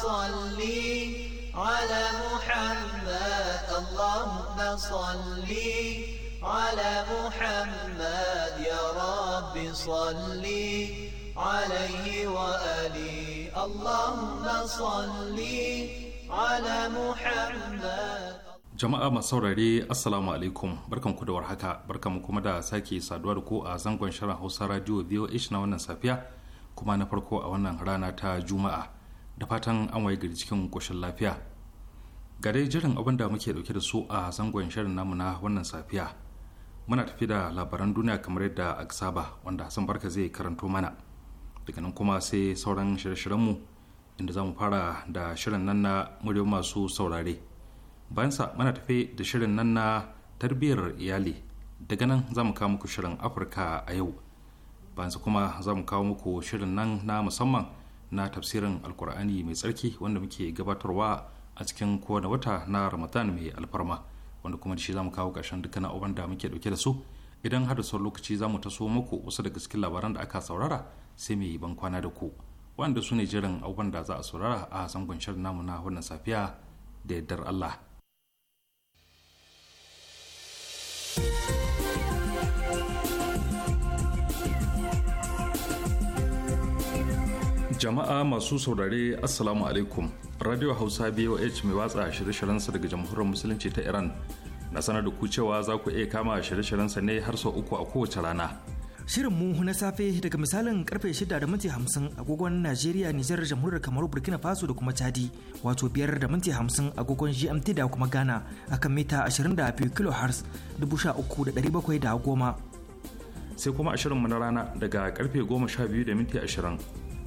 صل على محمد اللهم صل على محمد يا رب صل عليه وآله اللهم صل على محمد jama'a masu saurare assalamu alaikum barkan ku da warhaka barkan mu kuma da sake saduwa da ku a zangon shirin hausa radio voh na wannan safiya kuma na farko a wannan rana ta juma'a da fatan an waye gari cikin ƙoshin lafiya ga dai jirin abin da muke dauke da su a zangon shirin namu na wannan safiya muna tafi da labaran duniya kamar yadda a saba wanda hassan barka zai karanto mana daga nan kuma sai sauran shirye-shiryenmu inda za mu fara da shirin nan na muryar masu saurare bayan sa muna tafi da shirin nan na tarbiyyar iyali daga nan za mu kawo muku shirin afirka a yau bayan sa kuma za mu kawo muku shirin nan na musamman na tafsirin alkur'ani mai tsarki wanda muke gabatarwa a cikin kowane wata na ramadan mai alfarma wanda kuma da shi mu kawo ƙarshen dukkan abubuwan da muke ɗauke da su idan har da sauran lokaci za mu taso muku wasu daga cikin labaran da aka saurara sai mai ban kwana da ku wanda su ne jiran abubuwan da za a saurara a hasan shirin namu na wannan safiya da yardar Allah. jama'a masu saurare assalamu alaikum radio hausa boh mai watsa shirye shiryen sa daga jamhuriyar musulunci ta iran na sanar da ku cewa za ku iya kama shirye shiryen sa ne har sau uku a kowace rana shirin mu na safe daga misalin karfe shida da minti 50 agogon najeriya nijar jamhuriyar kamaru burkina faso da kuma chadi wato biyar da minti 50 agogon gmt da kuma ghana akan mita 22 kilohertz 13710 sai kuma a shirinmu na rana daga karfe goma sha 12 da minti ashirin.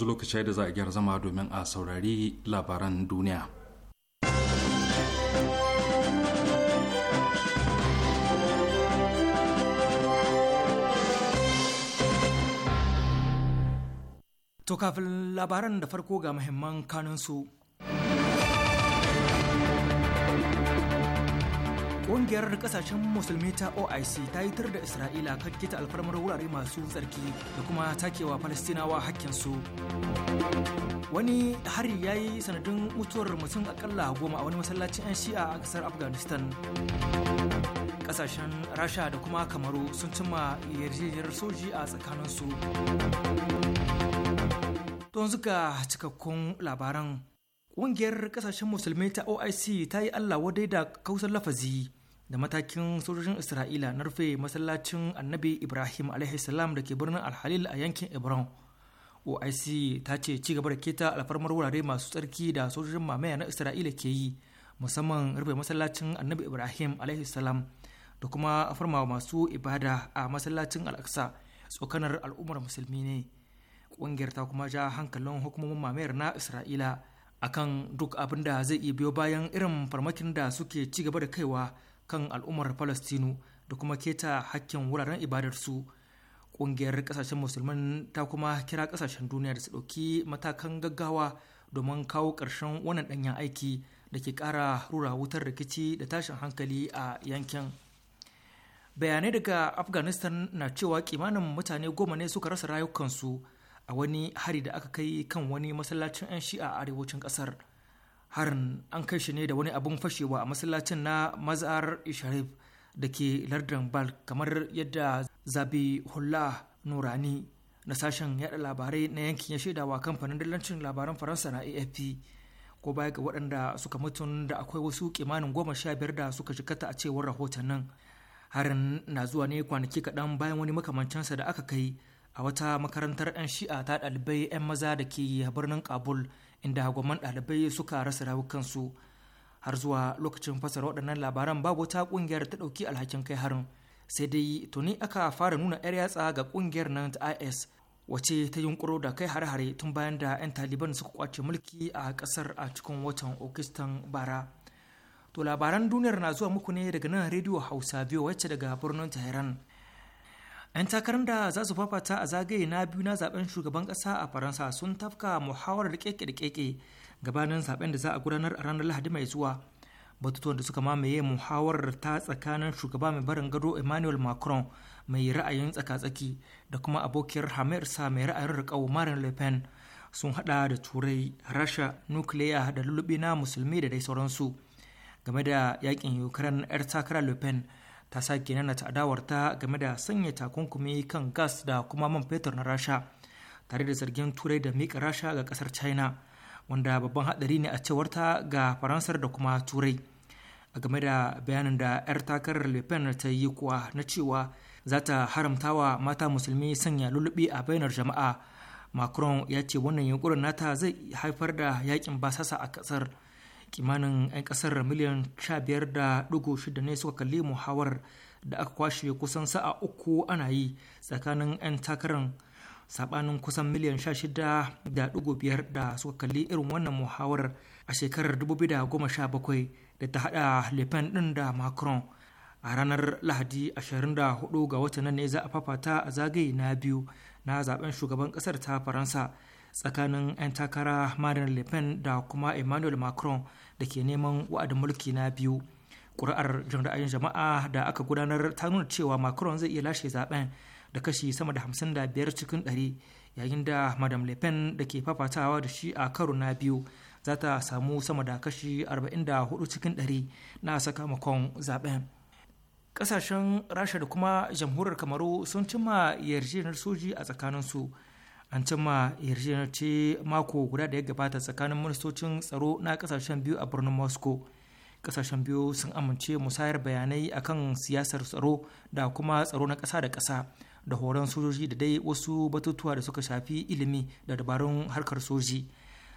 yanzu lokaci da za a gyara zama domin a saurari labaran duniya. To kafin labaran da farko ga muhimman kanunsu. Ƙungiyar ƙasashen musulmi ta OIC ta yi tar da Isra'ila kan kita alfarmar wurare masu tsarki da kuma takewa Falastinawa hakkinsu. Wani hari ya yi sanadin mutuwar mutum akalla goma a wani masallacin 'yan shi'a a ƙasar Afghanistan. Ƙasashen Rasha da kuma Kamaru sun cimma yarjejiyar soji a tsakaninsu. Don zuga cikakkun labaran. Ƙungiyar ƙasashen musulmi ta OIC ta yi Allah wadai da kausar lafazi da matakin sojojin isra'ila na rufe masallacin annabi ibrahim salam da ke birnin alhalil a yankin hebron oic ta ce ci gaba da keta alfarmar wurare masu tsarki da sojojin mamaya na isra'ila ke yi musamman rufe masallacin annabi ibrahim salam da kuma farma masu ibada a masallacin al'aksa tsokanar al'ummar musulmi ne ƙungiyar ta kuma ja hankalin hukumomin mamayar na isra'ila akan duk abin da zai iya biyo bayan irin farmakin da suke ci gaba da kaiwa kan al'ummar Falastinu da kuma keta hakkin wuraren ibadarsu. Ƙungiyar ƙasashen musulman ta kuma kira ƙasashen duniya da su ɗauki matakan gaggawa domin kawo ƙarshen wannan ɗanyen aiki da ke ƙara rura wutar rikici da tashin hankali a yankin. Bayanai daga Afghanistan na cewa kimanin mutane goma ne suka rasa rayukansu a wani hari da aka kai kan wani masallacin 'yan shi'a a arewacin ƙasar. harin an kai shi ne da wani abin fashewa a masallacin na mazar sharif da ke lardin bal kamar yadda zabi hula nurani na sashen yada labarai na yankin ya shaidawa kamfanin dalancin labaran faransa na afp ko baya ga waɗanda suka mutu da akwai wasu kimanin goma sha biyar da suka jikata a cewar rahoton nan harin na zuwa ne kwanaki kaɗan bayan wani makamancinsa da aka kai a wata makarantar 'yan shi'a ta ɗalibai 'yan maza da ke birnin kabul inda gwamman ɗalibai suka rasa rawukansu har zuwa lokacin fasara waɗannan labaran babu wata ƙungiyar ta ɗauki alhakin kai harin sai dai tuni aka fara nuna 'yar yatsa ga ƙungiyar nan ta is wace ta yunkuro da kai hare-hare tun bayan da 'yan taliban suka kwace mulki a ƙasar a cikin watan okistan bara to labaran duniyar na zuwa muku ne daga nan rediyo hausa biyu wacce daga birnin tehran 'yan takarar da za su fafata a zagaye na biyu na zaben shugaban kasa a faransa sun tafka muhawarar keke-keke gabanin zaben da za a gudanar a ranar lahadi mai zuwa batutuwan da suka mamaye muhawarar ta tsakanin shugaba mai barin gado emmanuel macron mai ra'ayin tsaka-tsaki da kuma abokiyar sa mai ra'ayin rikau marin le pen sun hada da turai rasha nukiliya da lullubi na musulmi da dai sauransu game da yakin ukraine 'yar takara le pen ta sake nanata adawarta game da sanya takunkumi kan gas da kuma man fetur na rasha tare da zargin turai da mika rasha ga kasar china wanda babban hadari ne a cewarta ga faransar da kuma turai a game da bayanin da 'yar takarar le pen ta yi kuwa na cewa za ta haramtawa mata musulmi sanya lullubi a bainar jama'a macron ya ce wannan yunkurin nata zai haifar da yakin basasa a kasar. kimanin 'yan kasar miliyan 15.6 ne suka kalli muhawar da aka kwashe kusan sa'a uku ana yi tsakanin 'yan takarar sabanin kusan miliyan 16.5 da suka kalli irin wannan muhawar a shekarar 2017 da ta hada le pen din da macron a ranar lahadi 24 ga watan nan ne za a fafata a zagaye na biyu na zaben shugaban kasar ta faransa tsakanin 'yan takara Marine Le Pen da kuma Emmanuel Macron da ke neman wa'adin mulki na biyu. Ƙuri'ar jin ra'ayin jama'a da aka gudanar ta nuna cewa Macron zai iya lashe zaben da kashi sama da biyar cikin 100 yayin da Madam Le Pen da ke fafatawa da shi a karo na biyu za ta samu sama da kashi 44 cikin 100 na sakamakon zaben. Ƙasashen Rasha da kuma jamhuriyar Kamaru sun cimma yarjejeniyar soji a tsakanin su an cimma yarjejeniyar ce mako guda da ya gabata tsakanin ministocin tsaro na kasashen biyu a birnin moscow kasashen biyu sun amince musayar bayanai akan siyasar tsaro da kuma tsaro na kasa da kasa da horon sojoji da dai wasu batutuwa da suka shafi ilimi da dabarun harkar soji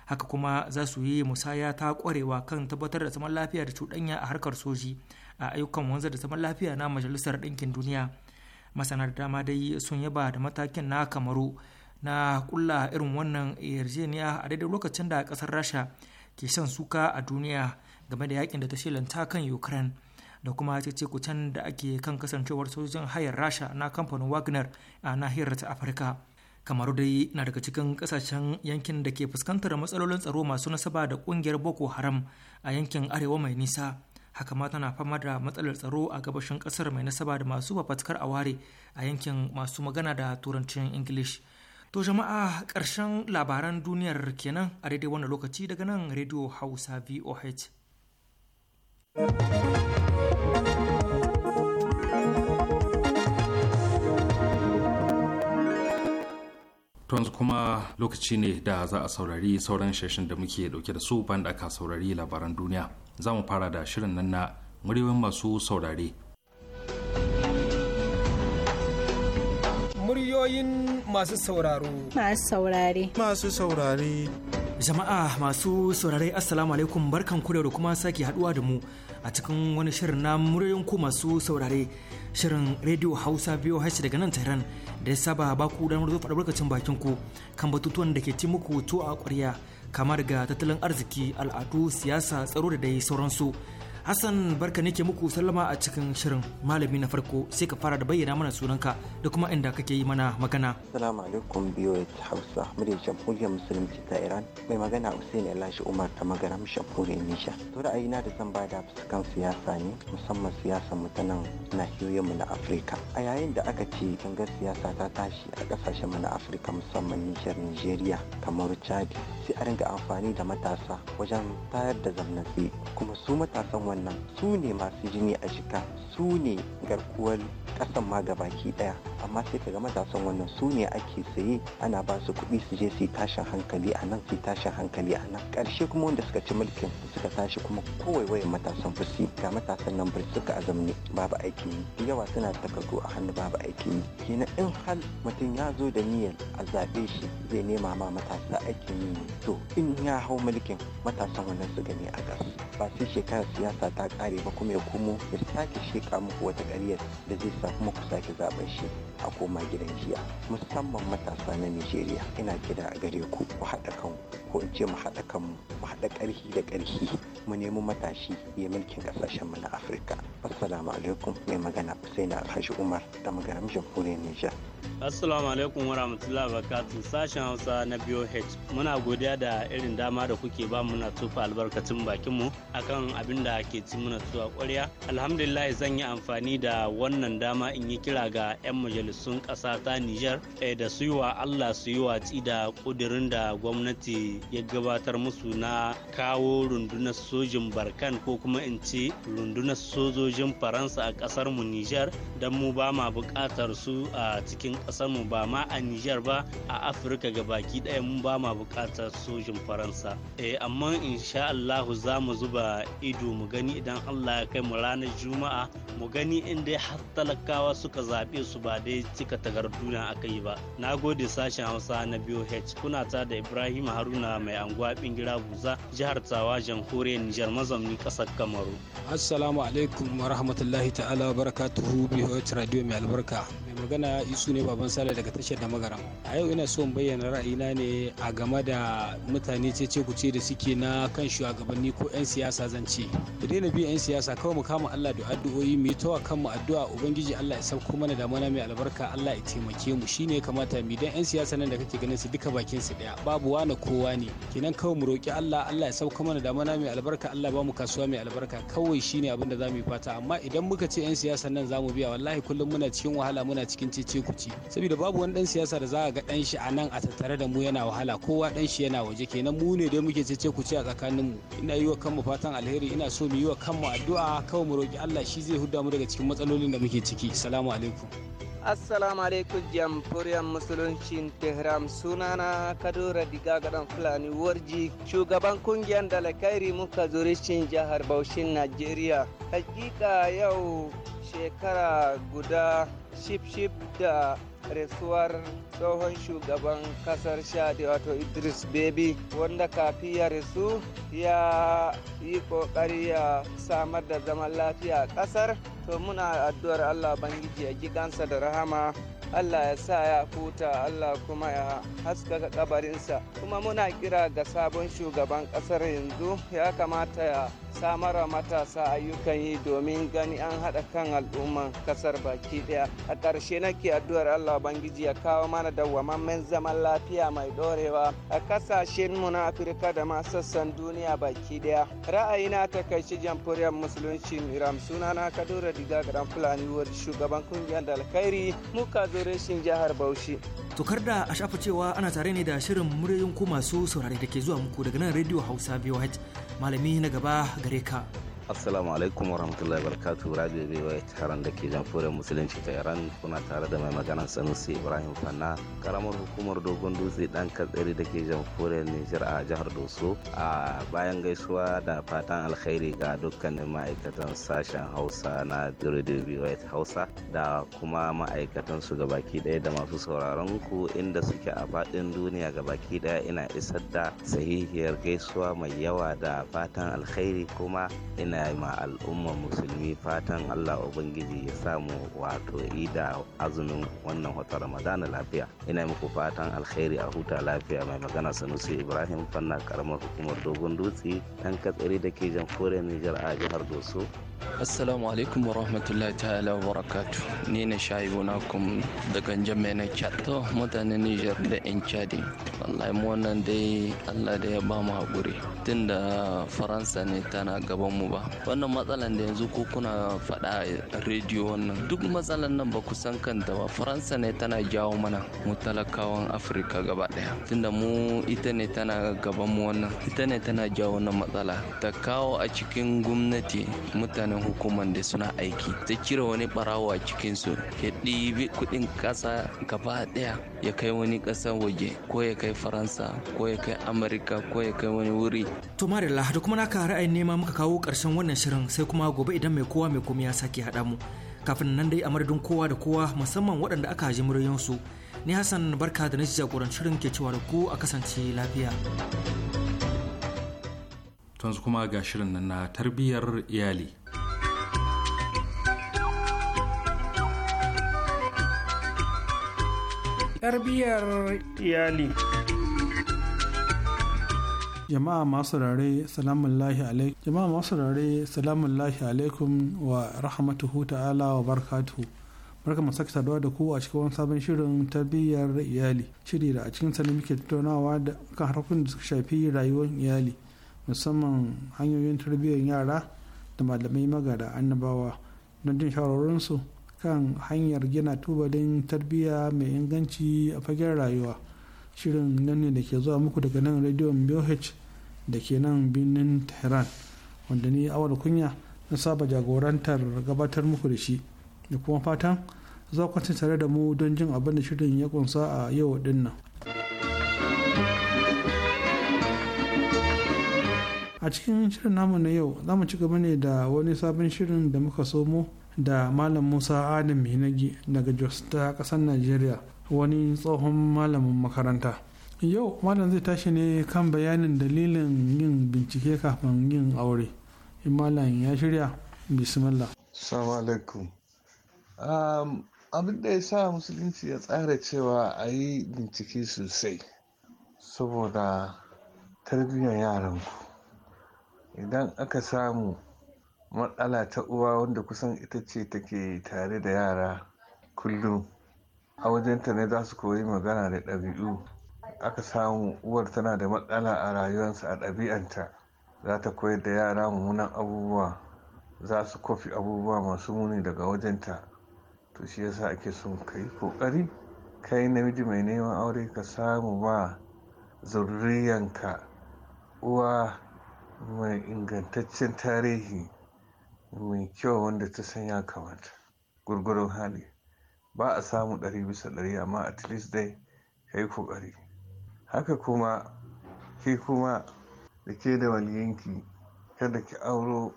haka kuma za su yi musaya ta kwarewa kan tabbatar da zaman lafiya da cuɗanya a harkar soji a ayyukan wanzar da zaman lafiya na majalisar ɗinkin duniya masana da dama dai sun yaba da matakin na kamaru na kulla irin wannan yarjejeniya a daidai lokacin da kasar rasha ke shan suka a duniya game da yakin da ta shelanta kan ukraine da kuma cece-kucen da ake kan kasancewar sojojin hayar rasha na kamfanin wagner a nahiyar ta afirka kamar dai na daga cikin kasashen yankin da ke fuskantar matsalolin tsaro masu nasaba da kungiyar boko haram a yankin arewa mai nisa haka ma tana fama da matsalar tsaro a gabashin kasar mai nasaba da masu fafatkar aware a yankin masu magana da turancin english. To jama'a ƙarshen labaran duniyar kenan a daidai wannan lokaci daga nan Radio Hausa VOH. yanzu kuma lokaci ne da za a saurari sauran shashin da muke dauke da su banda ka saurari labaran duniya za mu fara da shirin nan na muryoyin masu saurare muryoyin masu sauraro. Masu saurare. Masu saurare. Jama'a masu saurare Assalamu alaikum barkan ku da kuma sake haduwa da mu a cikin wani shirin na muryoyin ku masu saurare shirin Radio Hausa biyo hashi daga nan Tehran da ya saba ba ku damar zo faɗa barkacin bakin ku kan batutuwan da ke ci muku to a ƙwarya kamar ga tattalin arziki al'adu siyasa tsaro da dai sauransu. su. Hassan barka nake muku sallama a cikin shirin malami na farko sai ka fara da bayyana mana sunanka da kuma inda kake yi mana magana. Assalamu alaikum biyoyi Hausa muryar jamhuriyar musulunci ta Iran mai magana Hussein Elashi Umar ta magaram Shafuri Nisha. To na da zan ba da fuskan siyasa ne musamman siyasar mu ta nan nahiyoyin mu na Afirka. A yayin da aka ce gangar siyasa ta tashi a kasashen mu na Afirka musamman Nijar Nijeriya kamar Chad sai a ringa amfani da matasa wajen tayar da zamnatsi kuma su matasan wannan su ne masu jini a jika su ne garkuwar kasan ma baki daya amma sai daga matasan wannan su ne ake saye ana ba su kuɗi su je su tashin hankali a nan su tashin hankali a nan ƙarshe kuma wanda suka ci mulkin suka tashi kuma wayan matasan bursi ga matasan nan bursi suka azamne babu aiki yi yawa suna takardu a hannu babu aiki yi kenan in hal mutum ya zo da niyyar a zaɓe shi zai nema ma matasa aikin yi to in ya hau mulkin matasan wannan su gani a ƙasa ba sai shekarar siyasa ƙasa ta ƙare ba kuma ya komo ya sake sheka muku wata ƙaryar da zai sa kuma ku sake zaɓen shi a koma gidan jiya musamman matasa na nigeria ina kira a gare ku ku haɗa kanku ko in ce mu haɗa ƙarfi da ƙarfi mu nemi matashi ya mulkin ƙasashen mu na afirka assalamu alaikum mai magana usaina alhaji umar da magaram jamhuriyar nijar Assalamu alaikum wa rahmatullahi wa barakatuh sashen Hausa na BOH. Muna godiya da irin dama da kuke ba muna tufa albarkacin bakin mu akan abin da ke ci muna tuwa ƙwarya. Alhamdulillah zan yi amfani da wannan dama in yi kira ga 'yan majalisun ƙasa ta Nijar eh, da su yi wa Allah su yi watsi da ƙudurin da gwamnati ya gabatar musu na kawo rundunar sojin barkan ko kuma in ce rundunar sojojin faransa a ƙasar mu nijar don mu ba ma buƙatar su a cikin kasar mu ba ma a nijar ba a afirka gabaki ɗaya mun ba ma buƙatar sojin faransa eh amma insha allah za mu zuba ido mu gani idan allah ya kai mu ranar juma'a mu gani inda har talakawa suka zaɓe su ba dai cika tagarduna aka yi ba na gode sashen hausa na boh kuna ta da ibrahim haruna mai anguwa bingira buza jihar Tsawa jamhuriyar Nijar mazamni kasar Kamaru. Assalamu alaikum wa rahmatullahi ta'ala wa barakatuhu BOH radio mai albarka. Mai magana Isu ne baban Sale daga tashar da magaram. A yau ina son bayyana ra'ayina ne a game da mutane cece kuce da suke na kan shugabanni ko 'yan siyasa zan ce. Ku daina bi 'yan siyasa kawai mu kama Allah da addu'o'i mu yi tawa mu addu'a ubangiji Allah ya sauko mana da mana mai albarka Allah ya taimake mu shine kamata mu dan 'yan siyasa nan da kake ganin su duka bakin su daya babu wani kowa ne ne kenan kawai mu roki Allah Allah ya sauka mana damana mai albarka Allah ba mu kasuwa mai albarka kawai shine abin da zamu yi fata amma idan muka ce yan siyasa nan zamu biya wallahi kullum muna cikin wahala muna cikin cece kuci saboda babu wani dan siyasa da za ga dan shi a nan a tattare da mu yana wahala kowa dan shi yana waje kenan mu ne dai muke cece kuci a tsakanin mu ina yi wa kanmu fatan alheri ina so mu yi wa kanmu addu'a kawai mu roki Allah shi zai huda mu daga cikin matsalolin da muke ciki salamu alaikum assalamu alaikum jamhuriyar musuluncin tehran sunana kadura diga gadan fulani warji shugaban kungiyar dalakairi muka zuricin jihar baushin najeriya hakika yau shekara guda ship-ship da rasuwar tsohon shugaban kasar shadi wato idris bebi wanda kafi ya rasu ya yi kokari ya samar da zaman lafiya a kasar to muna addu'ar allah bangiji ya ji kansa da rahama Allah ya sa ya huta Allah kuma ya haskaka kabarinsa kuma muna kira ga sabon shugaban kasar yanzu ya kamata ya samara matasa ayyukan yi domin gani an haɗa kan al'umman kasar baki ɗaya a ƙarshe nake addu'ar allah bangiji ya kawo mana dawwamammen zaman lafiya mai ɗorewa a ƙasashen mu na afirka da ma sassan duniya baki ɗaya ra'ayina ta kai jamhuriyar musulunci iram na kadura diga garan fulani wani shugaban kungiyar da alkhairi muka zo reshin jihar bauchi tokar da a shafa cewa ana tare ne da shirin muryoyin ku masu saurare da ke zuwa muku daga nan rediyo hausa voh malami na gaba gare ka assalamu alaikum warahmatullahi wabarakatuh radio bai taron da ke jamhuriyar musulunci ta iran kuna tare da mai maganar sanusi ibrahim fanna karamar hukumar dogon dutse dan katsari da ke jamhuriyar nijar a jihar doso a bayan gaisuwa da fatan alkhairi ga dukkanin ma'aikatan sashen hausa na radio bai hausa da kuma ma'aikatan su gabaki daya da masu sauraron ku inda suke a faɗin duniya gabaki daya ina isar da sahihiyar gaisuwa mai yawa da fatan alkhairi kuma ina ina yi ma al'ummar musulmi fatan allah ubangiji ya samu wato ida azumin wannan wata ramadana lafiya ina yi muku fatan alkhairi a huta lafiya mai magana sanusi ibrahim fanna karamar hukumar dogon dutse ɗan katsari da ke jamhuriyar nijar a jihar doso assalamu alaikum warahmatullahi ta'ala wa barakatu ni na shayu na kuma daga jami'a na chad to mutanen niger da yan chadi wallahi mu wannan dai allah da ya ba mu haƙuri tun da faransa ne tana gaban mu ba wannan matsalan da yanzu ko kuna faɗa rediyo wannan duk matsalan nan ba ku san kanta ba faransa ne tana jawo mana mu talakawan afirka gaba ɗaya tunda mu ita ne tana gaban mu wannan ita ne tana jawo wannan matsala ta kawo a cikin gwamnati mutane mutanen hukumar da suna aiki ta cire wani barawo a cikinsu ya ɗibi kuɗin ƙasa gaba ɗaya ya kai wani ƙasar waje ko ya kai faransa ko ya kai amurka ko ya kai wani wuri to marilla da kuma naka ra'ayin nema muka kawo ƙarshen wannan shirin sai kuma gobe idan mai kowa mai komi ya sake haɗa mu kafin nan dai a madadin kowa da kowa musamman waɗanda aka ji muryoyinsu ni hassan barka da na jagorancin ke cewa da ku a kasance lafiya yanzu kuma ga shirin nan na tarbiyyar iyali tarbiyyar iyali jama'a masu rare salamun lahi alaikum jama'a masu rare salamun alaikum wa rahmatuhu ta'ala wa barkatuhu barka mu saki saduwa da ku a cikin wani sabon shirin tarbiyyar iyali shiri da a cikin sanin muke tattaunawa da kan harkokin da suka shafi rayuwar iyali musamman hanyoyin tarbiyyar yara da malamai magada annabawa don jin su kan hanyar gina tubalin tarbiyya mai inganci a fagen rayuwa shirin nan ne da ke zuwa muku daga nan rediyon BOH da ke nan birnin tehran wanda ni awar kunya na saba jagorantar gabatar muku da shi da kuma fatan za ku tare da mu don jin abin da shirin ya kunsa a yau din nan a cikin shirin namu na yau za mu ci gaba ne da wani sabon shirin da muka somo da malam musa adam hinagi daga jos ta kasar nigeria wani tsohon malamin makaranta yau malam zai tashi ne kan bayanin dalilin yin bincike kafin yin aure malam ya shirya bismillah salamu alaikum um, abin da ya sa musulunci ya tsara cewa a yi bincike sosai saboda tarbiyyar yaranku idan aka samu matsala ta uwa wanda kusan ita ce take tare da yara kullum a wajenta ne za su koyi magana da ɗabi'u aka samu uwar tana da matsala a rayuwarsa a ɗabi'anta za ta koyar da yara mummunan abubuwa za su kofi abubuwa masu muni daga wajenta to shi yasa ake son ka yi ƙoƙari kai namiji mai neman aure ka samu ba zurriyanka uwa mai ingantaccen tarihi mai kyau wanda ta san ya kamata gurgurun hali ba a samu ɗari bisa ɗari amma at least dai ka yi ƙoƙari haka kuma ki kuma da ke da waliyanki kada ki auro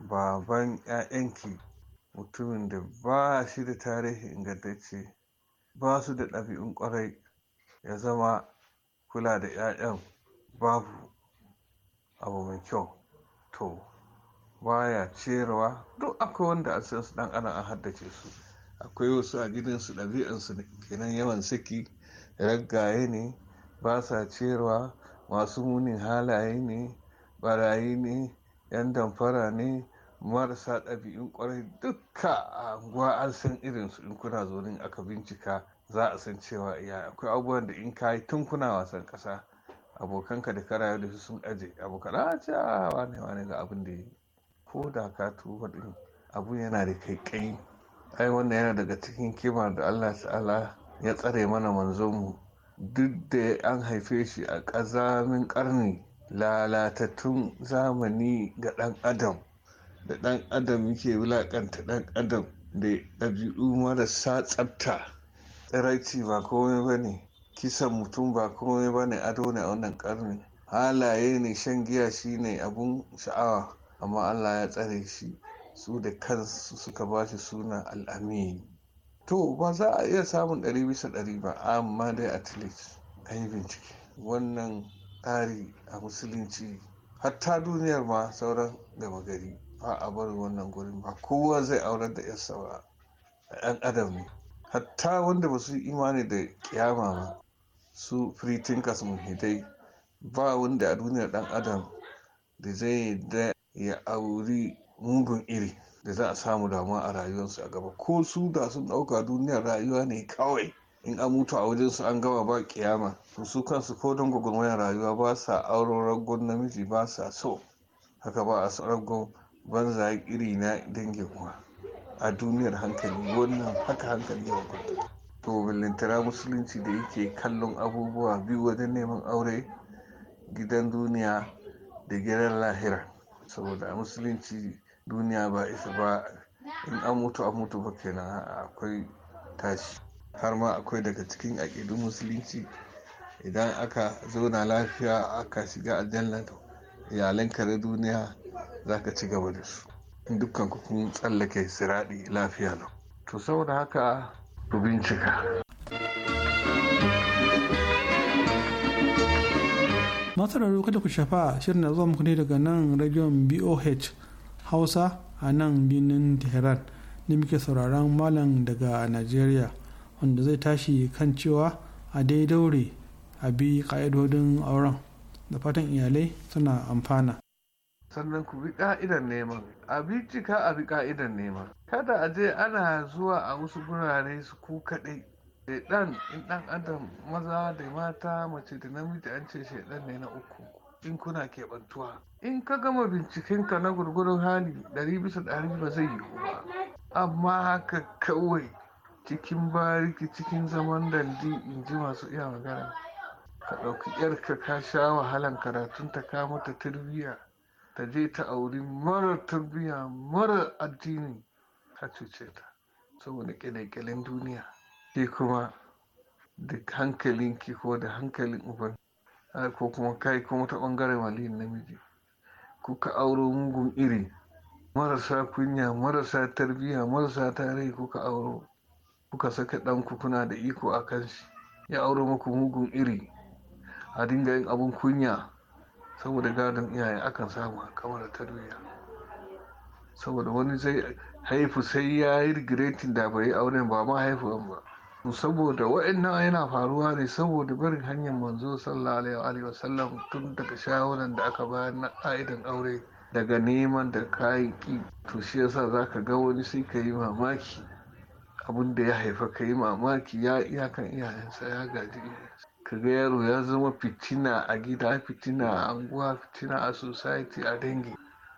baban 'ya'yanki mutumin da ba shi da tarihi ingantacce ba su da ɗabi'un ƙwarai ya zama kula da 'ya'yan babu abu mai kyau to baya cerewa duk akwai wanda a san su dan ana an haddace su akwai wasu a gidan gidansu ɗabi'ansu kenan yawan saki raggaye ne ba sa cerewa masu munin halaye ne barayi ne yan damfara ne marasa ɗabi'un kwarai dukka a anguwa an san irin su in kuna zonin aka bincika za a san cewa iya akwai abubuwan da in kayi tun kuna wasan kasa abokanka da karayo da su sun aje abokan a ah, ce ah, wane wane ga abin da yi ko da ka tuba din abu yana da kai-kai. ai wannan yana daga cikin kima da Allah ta'ala ya tsare mana mu. duk da an haife shi a ƙazamin ƙarni lalatattun zamani ga ɗan adam da ɗan adam yake wulaƙanta ɗan adam da ɗabi'u marasa tsabta tsiraici ba komai ba ne kisan mutum ba komai ba ne ado ne a wannan ƙarni halaye ne shan giya shine abun sha'awa amma Allah ya tsare shi su da kansu suka ba shi suna al'amin to ba za a iya samun ɗari bisa ɗari ba amma dai a least a yi bincike wannan tsari a musulunci hatta duniyar ma sauran gama gari ba a bar wannan gurin ba kowa zai aurar da yarsa ba yan adam ne hatta wanda ba su yi imani da kiyama ba su free muhidai ba wanda a duniyar dan adam da zai da ya auri mugun iri da za a samu damuwa a rayuwarsu a gaba ko su da sun ɗauka duniyar rayuwa ne kawai in an mutu a wajensu an gama ba kiyama to su kansu ko don gwagwarmayar rayuwa ba sa auren ragon namiji ba sa so haka ba a ragon banza iri na dangin kuma a duniyar hankali wannan haka hankali ya kwanta to ballantara musulunci da yake kallon abubuwa biyu wajen neman aure gidan duniya da gidan lahira saboda musulunci duniya ba isa ba in an mutu a mutu ba kenan akwai tashi har ma akwai daga cikin aƙidun musulunci idan aka zauna lafiya aka shiga aljanna to iyalanka kare duniya za ka ci gaba da su dukkan kun tsallake siraɗi lafiya to saboda haka ku bincika masu rarru kada ku shafa shirin da zuwa muku ne daga nan rajon boh hausa a nan birnin tehran da muke sauraron malam daga nigeria wanda zai tashi kan cewa a dai daure a bi ka'idodin auren da fatan iyalai suna amfana sannan ku bi ka'idar neman a cika a bi ka'idar neman kada a je ana zuwa a wasu gurare su ku kaɗai shaidan in dan adam maza da mata mace da namiji an ce shaidan ne na uku in kuna keɓantuwa in ka gama bincikenka na gurgurun hali ɗari bisa ɗari ba zai yiwu ba amma haka kawai cikin bariki cikin zaman dandi in ji masu iya magana ka ɗauki yarka ka sha wahalan karatun ta ka mata tarbiyya ta je ta auri mara tarbiyya mara addini ka cuce ta saboda ƙyale duniya ke kuma da hankalin ki ko da hankalin uban ko kuma kai kuma ta bangaren waliyin namiji kuka auro mugun iri marasa kunya marasa tarbiyya marasa tarihi kuka auro kuka saka ɗanku kuna da iko a kansu ya auro muku mugun iri a dinga yin abun kunya saboda gadon iyaye akan samu kamar da tarbiyya saboda wani zai haifu sai ya yi regretin da bai auren ba ma haifuwan ba to saboda wa'annan yana faruwa ne saboda barin hanyar manzo sallallahu alaihi wa tun daga shawaran da aka bayar na aidan aure daga neman da kayan ki to shi yasa zaka ga wani sai ka yi mamaki abin da ya haifa ka mamaki ya iyakan iyayensa ya gaji ga yaro ya zama fitina a gida fitina a anguwa fitina a society a dangi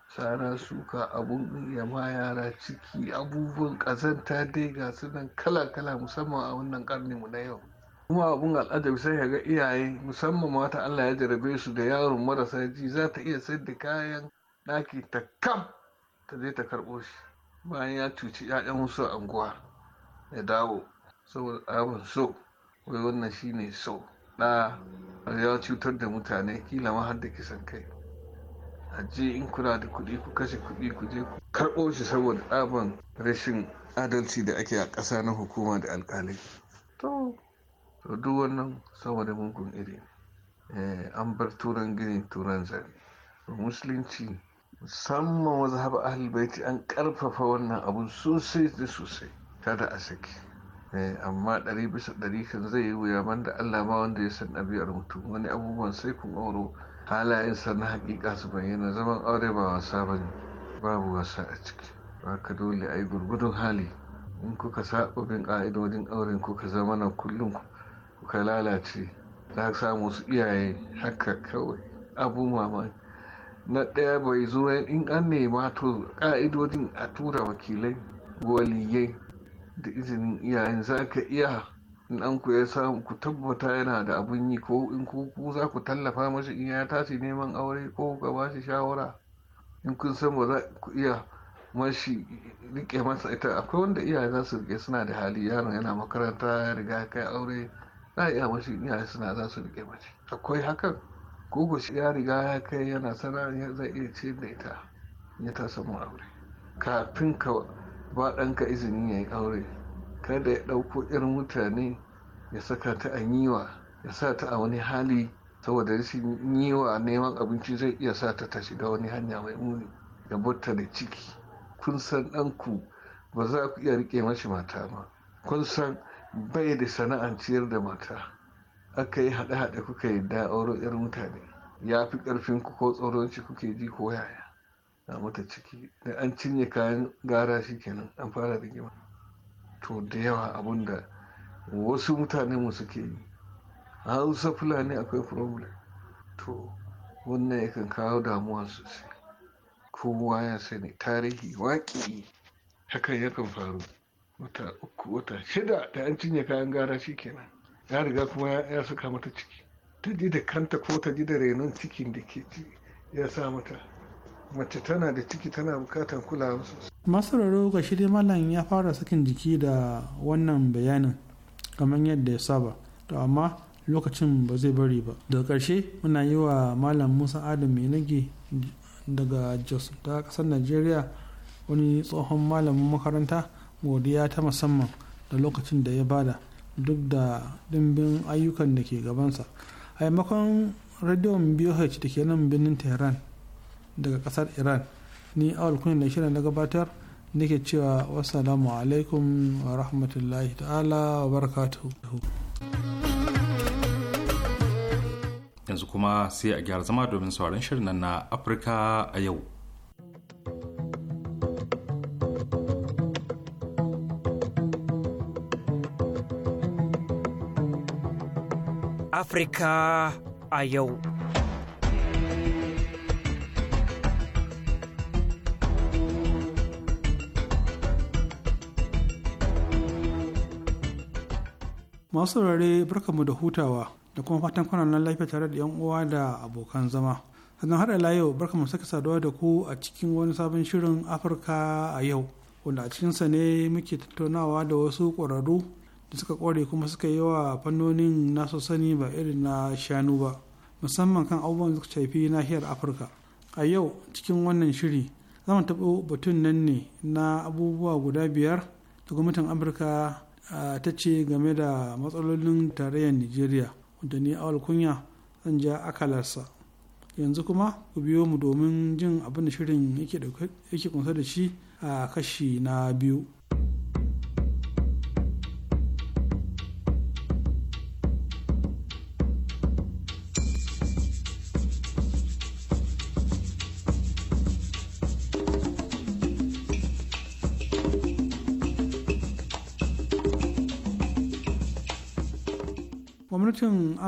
sara suka abun ya ma yara ciki abubuwan ƙazanta dai ga su nan kala-kala musamman a wannan karni mu na yau kuma abun al'ajabi sai ya ga iyaye musamman mata Allah ya jarabe su da yaron marasa ji za ta iya sayar da kayan ɗaki ta kam ta je ta karɓo shi bayan ya cuci 'ya'yan wasu anguwa ya dawo saboda abin so wai wannan shine so na ya cutar da mutane kila ma har da kisan kai Ajiye in kuna da kuɗi ku kashe kuɗi ku je ku karɓo shi saboda ɗaban rashin adalci da ake a ƙasa na hukuma da alƙalai to duk wannan saboda mugun iri eh, an bar turan gini turan zane musulunci musamman mazhab haɓa baiti an ƙarfafa wannan abun sosai da sosai tada a saki eh, amma ɗari bisa ɗari kan zai yi wuya banda allah ma wanda ya san ɗabi'ar mutum wani abubuwan sai kun auro halayensa na hakika su bayyana zaman aure ba wasa ba babu wasa a ciki ba ka dole a yi gurgudun hali in kuka saba bin ƙa'idodin auren kuka zama na kullum kuka lalace za ka samu su iyaye haka kawai abu mamaki na ɗaya bai zo in an ma to ƙa'idodin a tura wakilai waliyai da izinin iyayen za ka iya in an ku ya samu ku tabbata yana da abin yi ko in ku za ku tallafa mashi in ya tashi neman aure ko ku ba shi shawara in kun san ba za ku iya mashi rike masa ita akwai wanda iyaye za su rike suna da hali yaron yana makaranta ya riga kai aure za a iya mashi iyaye suna za su rike mashi akwai hakan ko shi ya riga ya kai yana sana'a zai iya ce da ita ya ta samu aure kafin ka ba ɗanka izini ya yi aure kada ya ɗauko irin mutane ya saka ta a yiwa ya sa ta a wani hali saboda rashin yiwa neman abinci zai iya sa ta ta shiga wani hanya mai muni ya bata da ciki kun san ɗanku ba za ku iya riƙe mashi mata ba kun san bai da sana'an ciyar da mata aka yi haɗe-haɗe kuka yi da'auro irin mutane ya fi ƙarfin ku ko tsoron shi kuke ji ko yaya na mata ciki da an cinye kayan gara shi kenan an fara rigima to da yawa abinda wasu mutane mu suke yi hausa fulani akwai problem to wannan yakan kawo damuwa sosai kowa ya sani tarihi waƙi hakan yakan faru wata uku wata shida da an cinye kayan gara shi kenan ya riga kuma ya saka mata ciki ta ji da kanta ko ta ji da renon cikin da ke ci ya sa mata mace tana da ciki tana bukatan kulawa sosai raro ga shirya malam ya fara sakin jiki da wannan bayanin kamar yadda ya saba to amma lokacin ba zai bari ba daga karshe muna yi wa malam musa adam mai nage daga jos ta ƙasar najeriya wani tsohon malamin makaranta godiya ta musamman da lokacin da ya bada duk da dimbin ayyukan da ke gabansa a maimakon rediyon boh da ke nan birnin tehran daga kasar iran ni awal kunin na shirin na gabatar nake cewa wassalamu alaikum wa rahmatullahi ta'ala wa barakatuhu yanzu kuma sai a gyara zama domin sauran shirin nan na afirka a yau afirka a yau masu saurare mu da hutawa da kuma fatan kuna nan lafiya tare da yan uwa da abokan zama sannan har ila yau barkamu saka saduwa da ku a cikin wani sabon shirin afirka a yau wanda a cikinsa ne muke tattaunawa da wasu ƙwararru da suka ƙware kuma suka yi wa fannonin nasu sani ba irin na shanu ba musamman kan abubuwan suka shafi nahiyar afirka a yau cikin wannan shiri za mu taɓo batun nan ne na abubuwa guda biyar da gwamnatin amurka ta ce game da matsalolin tarayyar nigeria da ni awal kunya zan ja akalarsa yanzu kuma ku biyo mu domin jin abin da shirin yake kunsa da shi a kashi na biyu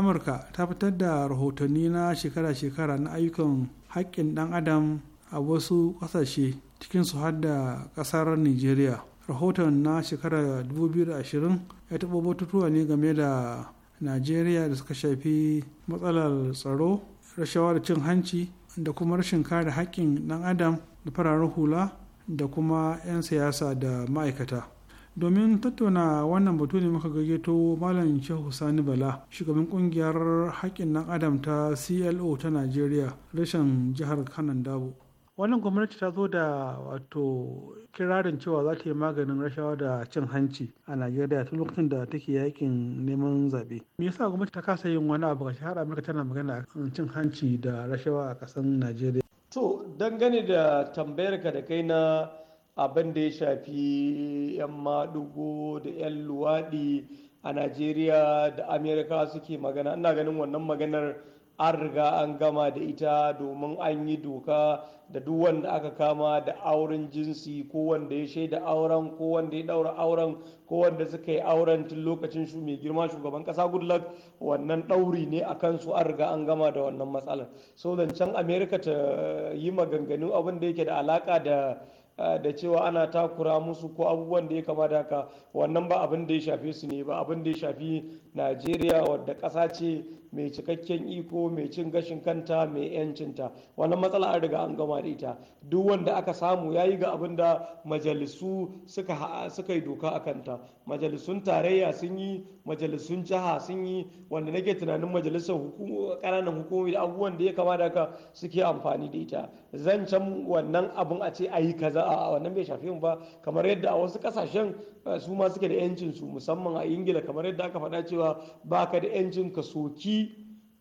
amurka ta fitar da rahotanni na shekara-shekara na ayyukan haƙƙin ɗan adam a wasu ƙasashe su har da ƙasar nigeria rahoton na shekara 2020 ya taɓa batutuwa ne game da nigeria da suka shafi matsalar tsaro rashawa da cin hanci da kuma rashin kare haƙƙin ɗan adam da fararen hula da kuma 'yan siyasa da ma'aikata domin tattauna wannan batu ne muka gayyato malam shehu sani bala shugaban kungiyar haƙƙin ɗan adam ta clo ta najeriya rashin jihar kanan dabo wannan gwamnati ta zo da wato kirarin cewa za ta yi maganin rashawa da cin hanci a najeriya tun lokacin da take yakin neman zaɓe me yasa gwamnati ta kasa yin wani abu ga har amurka tana magana kan cin hanci da rashawa a ƙasar najeriya to dangane da tambayarka da kai na abin da ya shafi 'yan maɗugo da 'yan luwaɗi a najeriya da amerika suke magana ina ganin wannan maganar an riga an gama da ita domin an yi doka da duk wanda aka kama da auren jinsi ko wanda ya shaida auren ko wanda ya daura auren ko wanda suka yi auren tun lokacin shu mai girma shugaban kasa goodluck wannan dauri ne a kansu an riga an gama da wannan matsalar so zancen america ta yi maganganu abin da yake da alaka da Ah, da cewa ana takura musu ko abubuwan da ya kamata haka wannan ba abin da ya shafe su ne ba abin da ya shafi najeriya wadda ƙasa ce mai cikakken iko mai cin gashin kanta mai yancinta wannan matsala an riga an gama da ita duk wanda aka samu ya yi ga abin da majalisu suka yi doka a kanta majalisun tarayya sun yi majalisun jiha sun yi wanda nake tunanin majalisar ƙananan hukumomi da abubuwan da ya kama da haka suke amfani da ita Zan can wannan abin a ce a yi kaza a wannan bai shafi ba kamar yadda a wasu kasashen. su ma suke da yancin su musamman a ingila kamar yadda aka faɗa cewa ba ka da yancin ka soki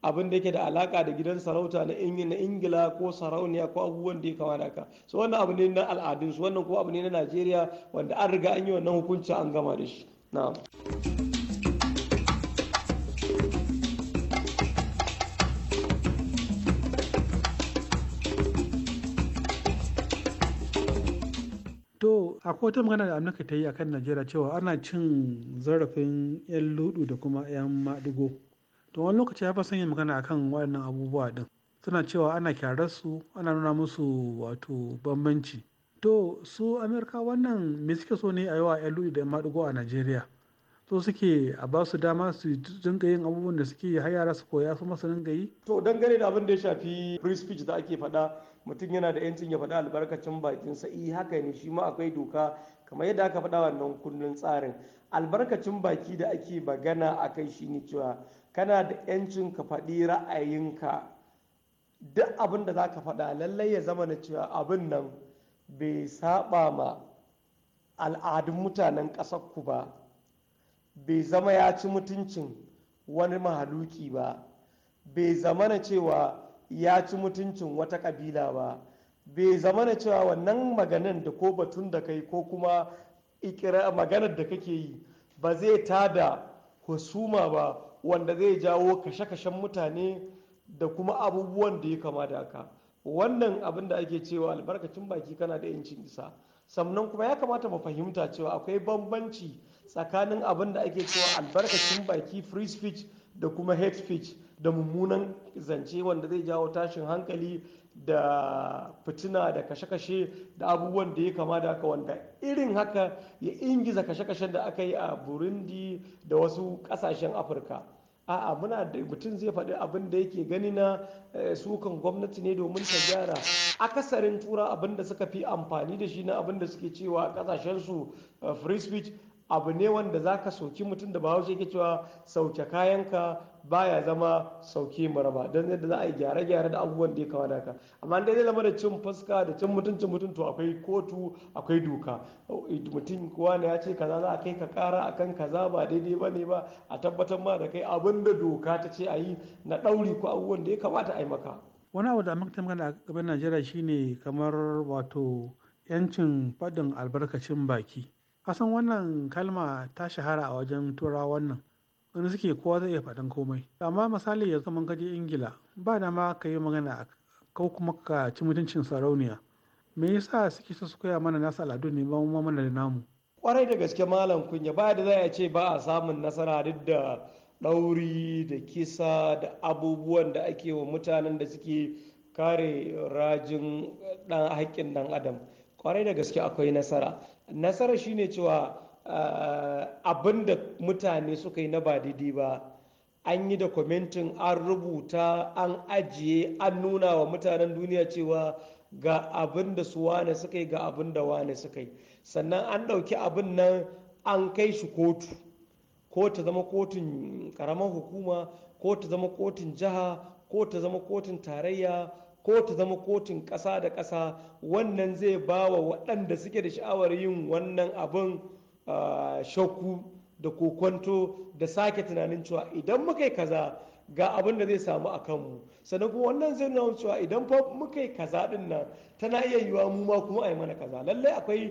abin da yake da alaka da gidan sarauta na ingila ko sarauniya ko abubuwan da ya kama da ka so wannan abu ne na al'adunsu wannan ko abu ne na najeriya wanda an riga an yi wannan hukunci an gama da shi na'am akwai wata magana da amurka ta yi a kan najeriya cewa ana cin zarafin 'yan ludu da kuma 'yan maɗigo to wani lokaci ya son yin magana a kan waɗannan abubuwa din suna cewa ana kyararsu ana nuna musu wato bambanci to su amurka wannan me suke so ne a yi wa 'yan ludu da 'yan maɗigo a najeriya so suke a ba su dama su dinga yin abubuwan da suke har yara su koya su masu dinga yi to dangane da abin da ya shafi free speech da ake faɗa mutum yana da yancin ya faɗa albarkacin sa i eh, haka ne shi ma akwai doka kamar yadda aka faɗa wannan kullun tsarin albarkacin baki da ake magana a kai shi ne cewa kana da yancin ka faɗi ra'ayinka duk abin da za ka faɗa lallai ya zama na cewa abin nan bai saba ma al'adun mutanen ƙasar ku ba bai zama ya ci mutuncin wani mahaluki ba bai zama na cewa ya ci mutuncin wata kabila ba bai zama na cewa wannan maganin da ko batun da kai ko kuma maganar da kake yi ba zai tada husuma ba wanda zai jawo kashe-kashen mutane da kuma abubuwan da ya kama da aka wannan abin da ake cewa albarkacin baki kana da yancin isa sannan kuma ya kamata mu fahimta cewa akwai bambanci tsakanin abin da ake cewa albarkacin baki free speech da kuma hate speech da mummunan zance wanda zai jawo tashin hankali da fitina da kashe-kashe da abubuwan da ya kama da haka wanda irin haka ya ingiza kashe-kashen da aka yi a burundi da wasu kasashen afirka a'a muna da mutum zai faɗi abin da yake gani na eh, sukan gwamnati ne domin ta gyara akasarin tura abin da suka fi amfani da shi na abin da suke cewa kasashen su eh, free speech abu ne wanda za ka sauki mutum da bahaushe yake cewa sauke kayanka baya zama sauke maraba don yadda za a yi gyare-gyare da abubuwan da ya kawo daka amma dai zai zama da cin fuska da cin mutun-cin mutum to akwai kotu akwai doka mutum kowa ne ya ce kaza za a kai ka kara akan kaza ba daidai ba ne ba a tabbatar ma da kai abin da doka ta ce a yi na ɗauri ko abubuwan da ya kamata a yi maka wani abu da muka magana a gaban najeriya shine kamar wato 'yancin faɗin albarkacin baki kasan wannan kalma ta shahara a wajen turawa wannan, wani suke kowa zai iya faɗin komai amma misali ya zama kaje ingila ba dama ka yi magana ko kuma ka ci mutuncin sarauniya me yasa suke so su koya mana nasu al'adu ne ba mu mana da namu kwarai da gaske malam kunya ba da za a ce ba a samun nasara duk da ɗauri da kisa da abubuwan da ake wa mutanen da suke kare rajin ɗan haƙƙin ɗan adam kwarai da gaske akwai nasara nasara shine cewa eh, abin da mutane suka yi na ba daidai ba an yi da kwamentin an rubuta an ajiye an nuna wa mutanen duniya cewa ga abin da su wane suka yi ga abin da wane suka yi sannan an ɗauki abin nan an kai shi kotu ko ta zama kotun karamar hukuma ko ta zama kotun jiha ko ta zama kotun tarayya ko ta zama kotun ƙasa da ƙasa wannan zai ba wa waɗanda suke da sha'awar yin wannan abin shakku da kokwanto da sake tunanin cewa idan muka yi kaza ga abin da zai samu a kanmu sannan kuma wannan zai nuna cewa idan fa muka yi kaza din nan tana iya yiwa mu ma kuma a mana kaza lallai akwai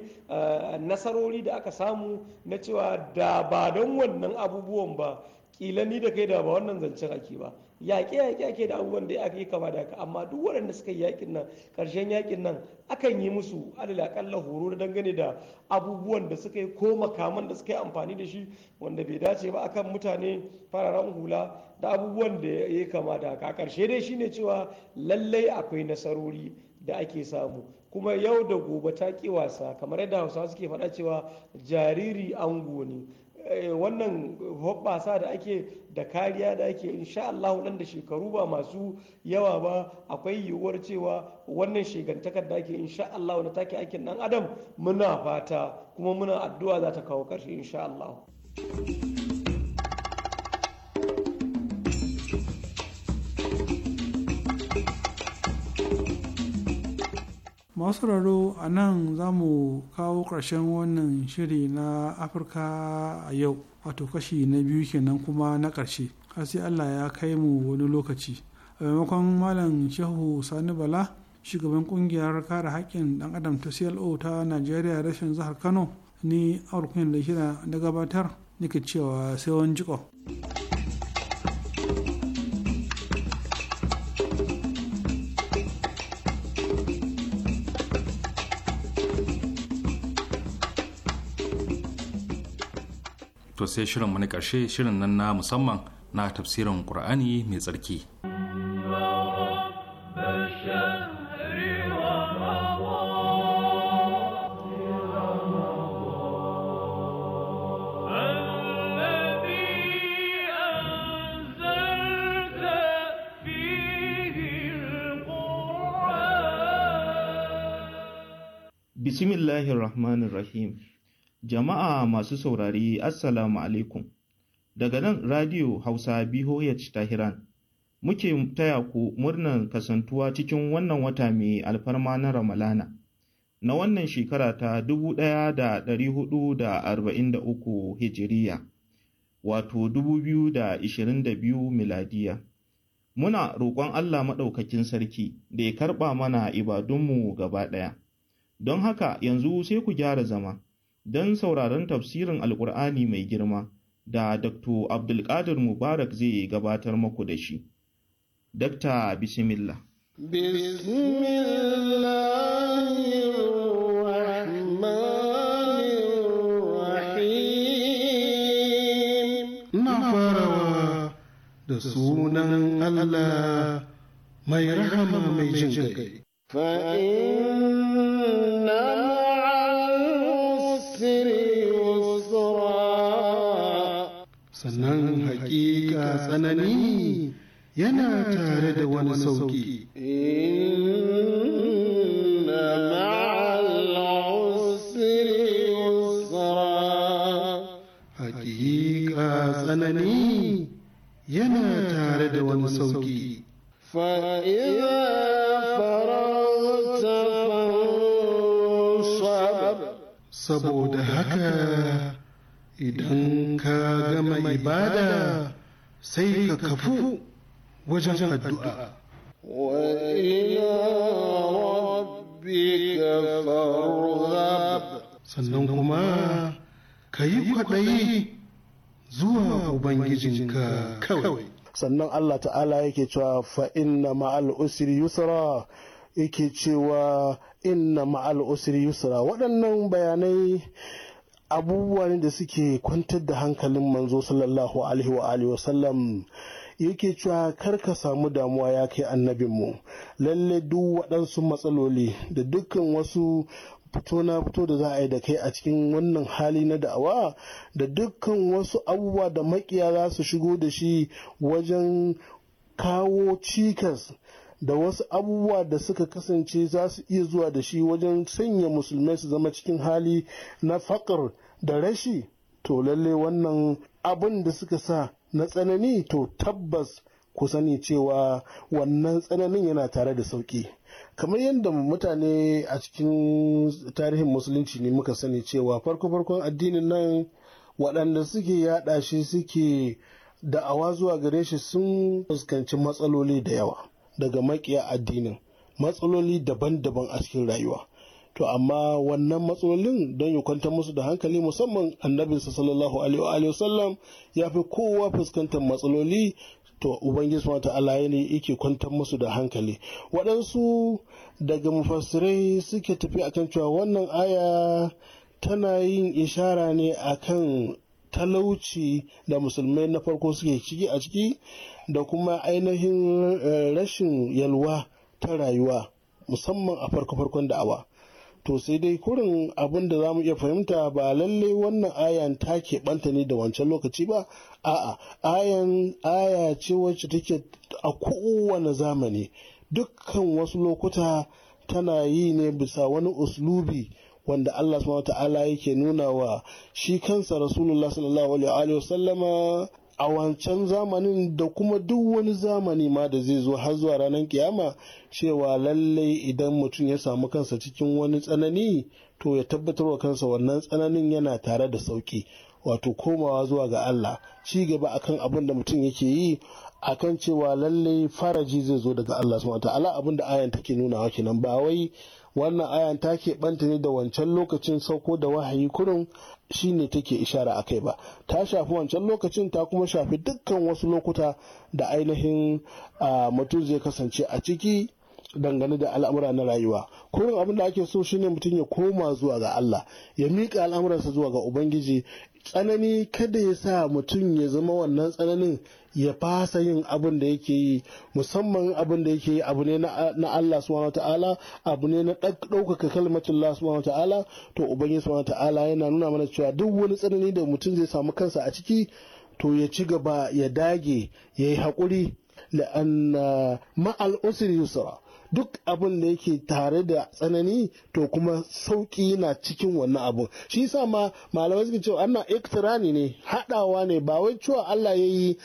nasarori da aka samu na cewa da ba don wannan abubuwan ba kila ni da kai da ba wannan zancen ake ba yaƙe yaƙe ake da abubuwan da aka yi kama da haka amma duk waɗanda suka yi yaƙin nan ƙarshen yaƙin nan akan yi musu alal aƙalla horo da dangane da abubuwan da suka yi ko makaman da suka yi amfani da shi wanda bai dace ba akan mutane fararen hula da abubuwan da ya kama da haka ƙarshe dai shine cewa lallai akwai nasarori da ake samu kuma yau da gobe ta ƙi wasa kamar yadda hausawa suke faɗa cewa jariri ango ne Eh, wannan hoɓɓasa da ake da kariya da ake insha Allah nan da shekaru ba masu yawa ba akwai yiwuwar cewa wannan shegantakar da ake insha Allah na take aikin dan adam muna fata kuma muna addu'a za ta kawo ƙarshe insha Allah. masu a nan za mu kawo ƙarshen wannan shiri na afirka a yau wato kashi na biyu kenan kuma na ƙarshe har sai allah ya kai mu wani lokaci a maimakon malam shehu sani bala shugaban kungiyar kare haƙƙin ɗan adam ta clo ta nigeria rashin zahar kano ni aurkun da shida na gabatar nake cewa sai wani jiko. to sai shirin wani ƙarshe shirin nan na musamman na tafsirin ƙur'ani mai tsarki. Bismillahirrahmanirrahim. Jama'a masu saurari Assalamu alaikum. Daga nan Radio Hausa BOH Tahiran, muke taya ku murnar kasantuwa cikin wannan wata mai alfarma na Ramalana, na wannan shekara ta 1443 Hijiriya, wato 2022 Miladiya. Muna roƙon Allah Maɗaukakin Sarki da ya karɓa mana ibadunmu gaba ɗaya. Don haka yanzu sai ku gyara zama. don sauraron tafsirin Alƙur'ani mai girma da Dr. Abdulkadir Mubarak zai gabatar maku da shi. dr Bismillah. Na farawa da sunan Allah mai rahama mai jin kai. sannan hakika tsanani yana tare da wani sauki hakika tsanani yana tare da wani sauki فإذا فرغت فانصب saboda haka idan ka gama ibada sai ka kafu wajen addu'a sannan kuma ka yi kwaɗayi zuwa ubangijinka kawai sannan Allah ta'ala yake cewa fa ma'al usri yusra yake cewa inna ma'al usri yusra waɗannan bayanai ne da suke kwantar da hankalin manzo sallallahu alaihi wa alihi wasallam yake cewa kar ka samu damuwa ya kai annabin mu?' lalle duk waɗansu matsaloli da dukkan wasu fito na fito da za a yi da kai a cikin wannan hali na da'awa da dukkan wasu abubuwa da makiya za su shigo da shi wajen kawo cikas da wasu abubuwa da suka kasance za su iya zuwa da shi wajen sanya musulmai su zama cikin hali na faƙar da rashi to lalle wannan abin da suka sa na tsanani to tabbas ku sani cewa wannan tsananin yana tare da sauƙi kamar yadda mutane a cikin tarihin musulunci ne muka sani cewa farko-farkon addinin nan waɗanda suke yaɗa shi suke da awa zuwa gare shi sun fuskanci matsaloli da yawa daga makiya addinin matsaloli daban-daban a cikin rayuwa to amma wannan matsalolin don ya kwantar musu da hankali musamman annabinsa sallallahu alaihi wa sallam ya fi kowa fuskantar matsaloli to ubangiji subhanahu ta'ala ne yake kwantar musu da hankali waɗansu daga mufassirai suke tafi akan cewa wannan aya tana yin ishara ne akan talauci da musulmai na farko suke ciki a ciki da kuma ainihin eh, rashin yalwa ta rayuwa musamman a farko-farkon da'awa to sai dai kurin abin da za mu iya fahimta ba lallai wannan ayan ta keɓanta ne da wancan lokaci ba a'a ayan aya ce wacce take a kowane zamani dukkan wasu lokuta tana yi ne bisa wani uslubi wanda Allah subhanahu ta'ala yake nuna wa shi kansa Rasulullah sallallahu alaihi wa sallama a wancan zamanin da kuma duk wani zamani ma da zai zo har zuwa ranar kiyama cewa lallai idan mutum ya samu kansa cikin wani tsanani to ya tabbatar wa kansa wannan tsananin yana tare da sauki wato komawa zuwa ga Allah ci gaba akan abin da mutum yake yi akan cewa lallai faraji zai zo daga Allah subhanahu wataala abin da ayan take nunawa kenan ba wai wannan ayan ta ke keɓanta ne da wancan lokacin sauko da wahayi kurin shine take ishara a kai ba ta shafi wancan lokacin ta kuma shafi dukkan wasu lokuta da ainihin mutum zai kasance a ciki dangane da al'amura na rayuwa kurin abin da ake so shine mutum ya koma zuwa ga Allah ya miƙa al'amuransa zuwa ga Ubangiji tsanani kada ya sa mutum ya zama wannan tsananin ya fasa yin abin da yake yi musamman abin da yake yi abu ne na Allah subhanahu ta'ala abu ne na ɗaukaka kalmacin Allah subhanahu ta'ala to ubangiji subhanahu ta'ala yana nuna mana cewa duk wani tsanani da mutum zai samu kansa a ciki to ya ci gaba ya dage ya yi haƙuri la'anna ma'al yusra duk abin da yake tare da tsanani to kuma sauƙi na cikin wannan abu shi yasa ma malamai suke cewa ana iktirani ne hadawa ne ba wai cewa Allah ya yi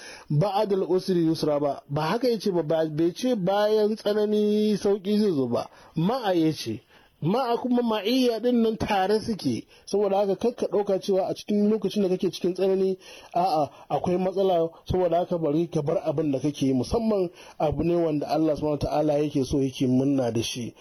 adal usri yusra ba ba haka ya ce ba bai ce bayan tsanani sauki zai zo ba ma'a yace a kuma ma'iyya din nan tare suke saboda haka ka ɗauka cewa a cikin lokacin da kake cikin tsanani a'a akwai matsala saboda haka bari ka bar abin da kake musamman abu ne wanda Allah subhanahu ta'ala yake so yake munna da shi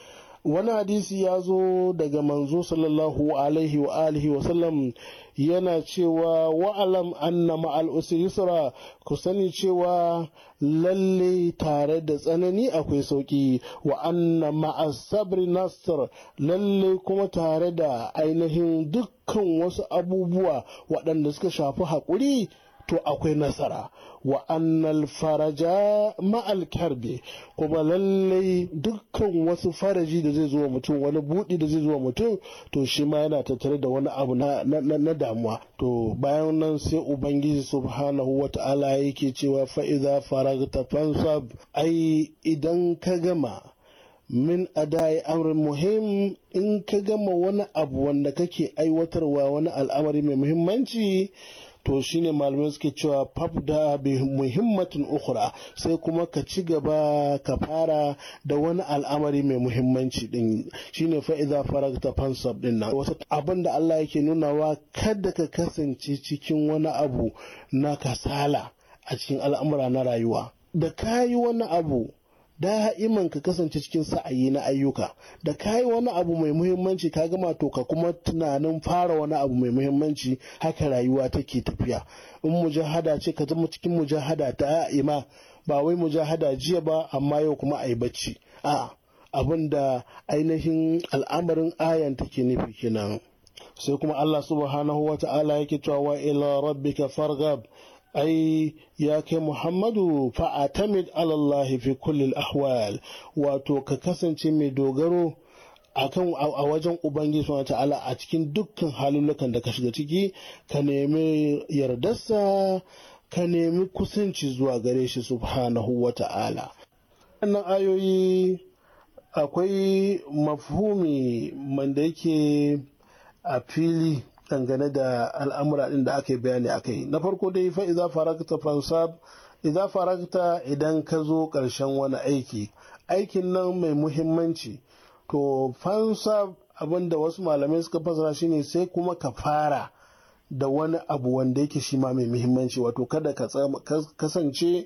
wani hadisi ya zo daga manzo sallallahu alaihi wa alihi wa sallam yana cewa wa'alam anna ma'al usri yusra ku sani cewa lalle tare da tsanani akwai sauki wa anna ma'as sabri nasr lalle kuma tare da ainihin dukkan wasu abubuwa waɗanda suka shafi haƙuri to akwai nasara wa annal faraja ma'al karbe kuma lallai dukkan wasu faraji da zai zuwa mutum wani buɗi da zai zuwa mutum to shi ma yana tattare da wani abu na damuwa to bayan nan sai ubangiji subhanahu wa ta'ala yake cewa fa'iza faragta fansab ai idan ka gama min adai amrin muhim in ka gama wani abu wanda kake aiwatarwa wani al'amari mai muhimmanci to shine malamai suke cewa fabda da muhimmatin ukura sai kuma ka ci gaba ka fara da wani al'amari mai muhimmanci din shine fa idza faragta fansab din nan wasu abin da Allah yake nunawa kada ka kasance cikin wani abu na kasala a cikin al'amura na rayuwa da kayi wani abu da'iman ka kasance cikin sa'ayi na ayyuka da ka yi wani abu mai muhimmanci ka gama to ka kuma tunanin fara wani abu mai muhimmanci haka rayuwa take tafiya in mujahada ce ka zama cikin mujahada ta ima ba wai mujahada jiya ba amma yau kuma a yi bacci a'a abin da ainihin al'amarin ayan take nufi kenan sai kuma Allah subhanahu wa ta'ala yake cewa ila rabbika farghab ai ya kai muhammadu fa'atamid alallahi fi kullil ahwal wato ka kasance mai dogaro kan a wajen ubangiji subhanahu ta'ala a cikin dukkan halulukan da ka shiga ciki ka nemi yardarsa ka nemi kusanci zuwa gare shi subhanahu wa ta'ala wannan ayoyi akwai mafhumi wanda yake a fili dangane da al'amura ɗin da aka yi bayani a kai na farko dai fa iza farakta fansab iza farakta idan ka zo ƙarshen wani aiki aikin nan mai muhimmanci to fansab abin da wasu malamai suka fasara shine sai kuma ka fara da wani abu wanda yake shi ma mai muhimmanci wato kada ka kasance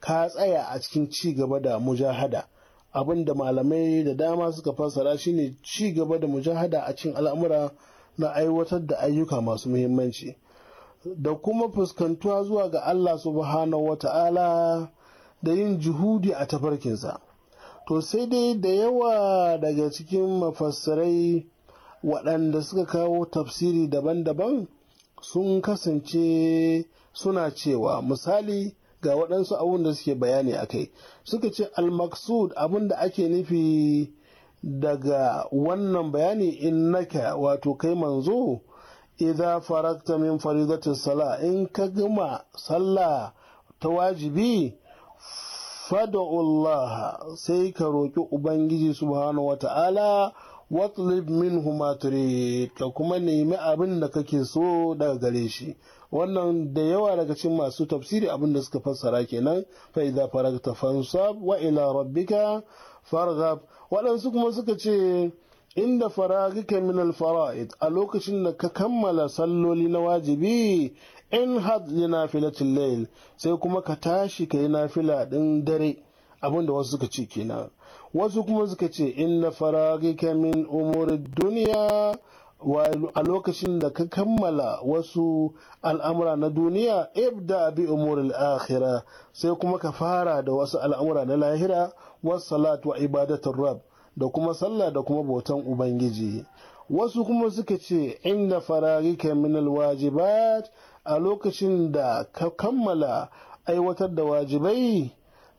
ka tsaya a cikin ci gaba da mujahada abin da malamai da dama suka fassara shine ci gaba da mujahada a cikin al'amura na aiwatar da ayyuka masu muhimmanci da kuma fuskantuwa zuwa ga Allah subhanahu wata'ala da yin juhudi a tafarkinsa to sai dai da yawa daga cikin mafassarai waɗanda suka kawo tafsiri daban-daban sun kasance suna cewa misali ga waɗansu abun da suke bayani a kai suka ce al-maksud abin da ake nufi daga wannan bayani naka wato kai manzo idza farakta min faridati sala in ka gama sallah ta wajibi fada'ullah sai ka roƙi ubangiji subhanahu wata'ala watlib min turid ka kuma nemi abin da kake so daga gare shi wannan da yawa daga cikin masu tafsiri abin da suka fassara kenan fa idza farakta fansab wa ila rabbika farghab waɗansu kuma suka ce inda faragika min alfara'id a lokacin da ka kammala salloli na wajibi in had li nafilatil layl sai kuma ka tashi ka yi nafila ɗin dare abinda wasu suka ce kenan wasu kuma suka ce fara faragika min umurid duniya a lokacin da ka kammala wasu al'amura na duniya ibda bi umuril akhira sai kuma ka fara da wasu al'amura na lahira wasalat wa ibadatar rab da kuma sallah da kuma bautan ubangiji wasu kuma suka ce inda fararika min alwajibat a lokacin da ka kammala aiwatar da wajibai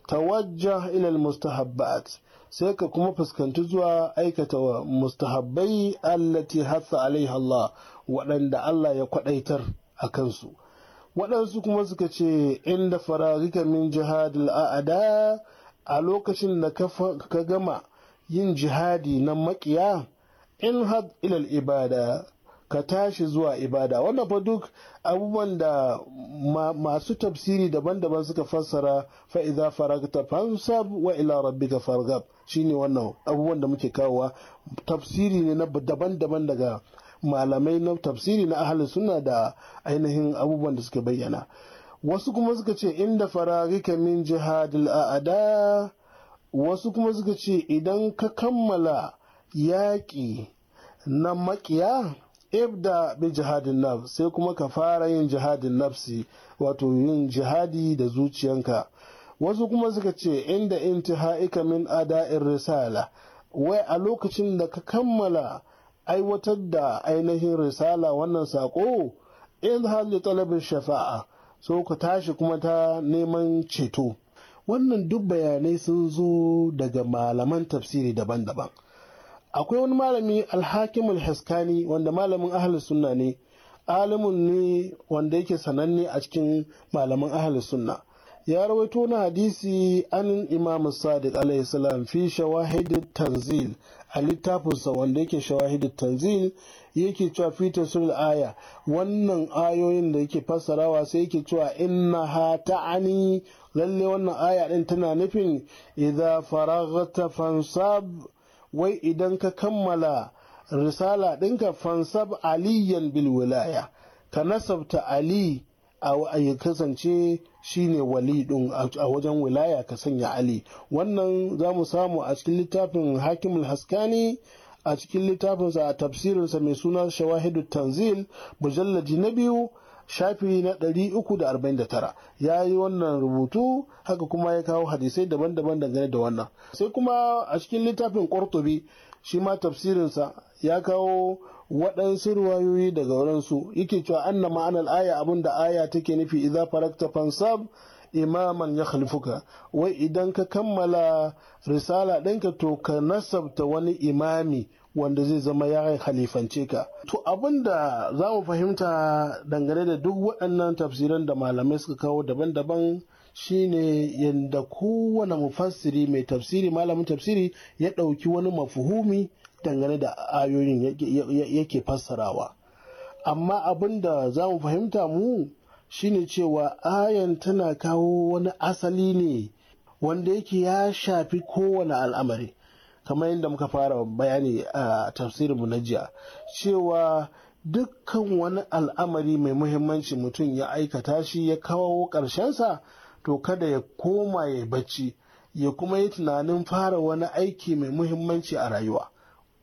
tawajja ilal mustahabbat sai ka kuma fuskanci zuwa aikata mustahabbai allati hatsa alaiha Allah waɗanda Allah ya kwaɗaitar a kansu waɗansu kuma suka ce inda fararika min jihadil a'ada a lokacin da ka gama yin jihadi na makiya in had ilal ibada ka tashi zuwa ibada wannan fa duk abubuwan da masu tafsiri daban-daban suka fassara fa'iza faragta fansab wa ila rabbika fargab shine wannan abubuwan da muke kawowa tafsiri ne na daban-daban daga malamai na tafsiri na ahalin suna da ainihin abubuwan da suka bayyana wasu kuma suka ce inda fararika min jihadil a'ada wasu kuma suka ce idan ka kammala yaƙi na maƙiya ibda bi jihadin nafs sai kuma ka fara yin jihadin nafsi wato yin jihadi da zuciyanka wasu kuma suka ce inda intiha'ika min ada'in risala wai a lokacin da ka kammala aiwatar da ainihin risala wannan saƙo in hali talabin shafa'a so ku tashi kuma ta neman ceto wannan duk bayanai sun zo daga malaman tafsiri daban-daban akwai wani malami alhakim alhaskani wanda malamin ahal sunna ne alimun ne wanda yake sananne a cikin malamin ahl sunna ya rawaito na hadisi an imam sadiq alayhi salam fi shawahid tanzil a littafinsa wanda yake shawahid tanzil yake cewa fitar sul aya wannan ayoyin da yake fassarawa sai yake cewa inna ha ta'ani lalle wannan aya din tana nufin idza faraghta fansab wai idan ka kammala risala ɗinka fansab aliyan bil wilaya ka nasabta ali a ya kasance shine wali din a wajen wilaya ka sanya ali wannan za mu samu a cikin littafin hakimul haskani a cikin littafinsa a tafsirinsa mai suna shawahidu tanzil mujallaji na biyu shafi na 349 ya yi wannan rubutu haka kuma ya kawo hadisai daban-daban dangane da wannan sai kuma a cikin littafin ƙortobi shi ma tafsirinsa ya kawo waɗansu ruwayoyi daga wurinsu yake cewa anna ma'anar aya abin da aya take nufi idza farakta fansab imaman ya halifuka wai idan ka kammala risala ɗinka to ka nasabta wani imami wanda zai zama ya halifance ka to da za mu fahimta dangane da duk waɗannan tafsiran da malamai suka kawo daban-daban shine yadda kowane mufassiri mai tafsiri malamin tafsiri ya ɗauki wani mafuhumi dangane da ayoyin yake fassarawa amma da za mu fahimta mu shine cewa ayan tana kawo wani asali ne wanda yake ya shafi kowane al'amari kamar yadda muka fara bayani a tafsirinmu na jiya cewa dukkan wani al'amari mai muhimmanci mutum ya aikata shi ya kawo ƙarshensa to kada ya koma ya bacci ya kuma yi tunanin fara wani aiki mai muhimmanci a rayuwa